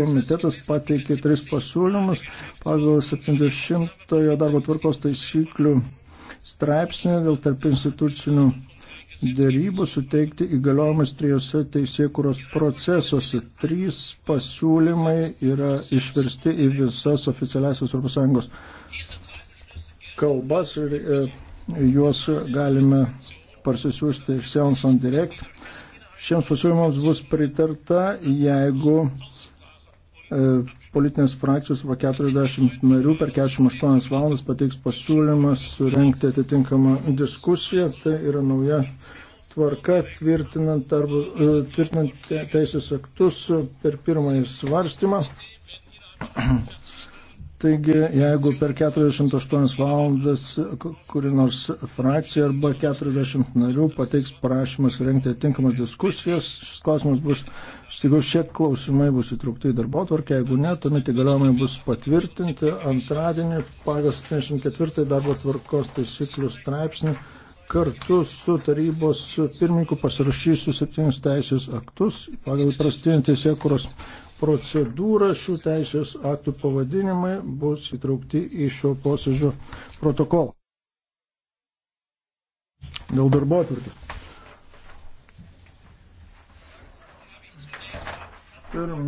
komitetas pateikė tris pasiūlymus pagal 70-ojo darbo tvarkos taisyklių straipsnį dėl tarp institucinių dėrybų suteikti įgaliojimus trijose teisėkuros procesuose. Trys pasiūlymai yra išversti į visas oficialiasias ES kalbas ir e, juos galime parsisiųsti iš Seance on Direct. Šiems pasiūlymams bus pritarta, jeigu E, politinės frakcijos arba 40 narių per 48 valandas pateiks pasiūlymą surenkti atitinkamą diskusiją. Tai yra nauja tvarka tvirtinant, arba, e, tvirtinant teisės aktus per pirmąjį svarstymą. Taigi, jeigu per 48 valandas kuri nors frakcija arba 40 narių pateiks prašymas rengti atinkamas diskusijas, šis klausimas bus, jeigu šie klausimai bus įtraukti į darbo tvarkę, jeigu ne, tuomet įgaliojimai bus patvirtinti antradienį pagal 74 darbo tvarkos taisyklių straipsnį kartu su tarybos pirmininku pasirašysiu septynis teisės aktus pagal prastinį teisėkuros procedūrą šių teisės aktų pavadinimai bus įtraukti į šio posėdžio protokolą. Dėl darbo atvirkės. Pirma.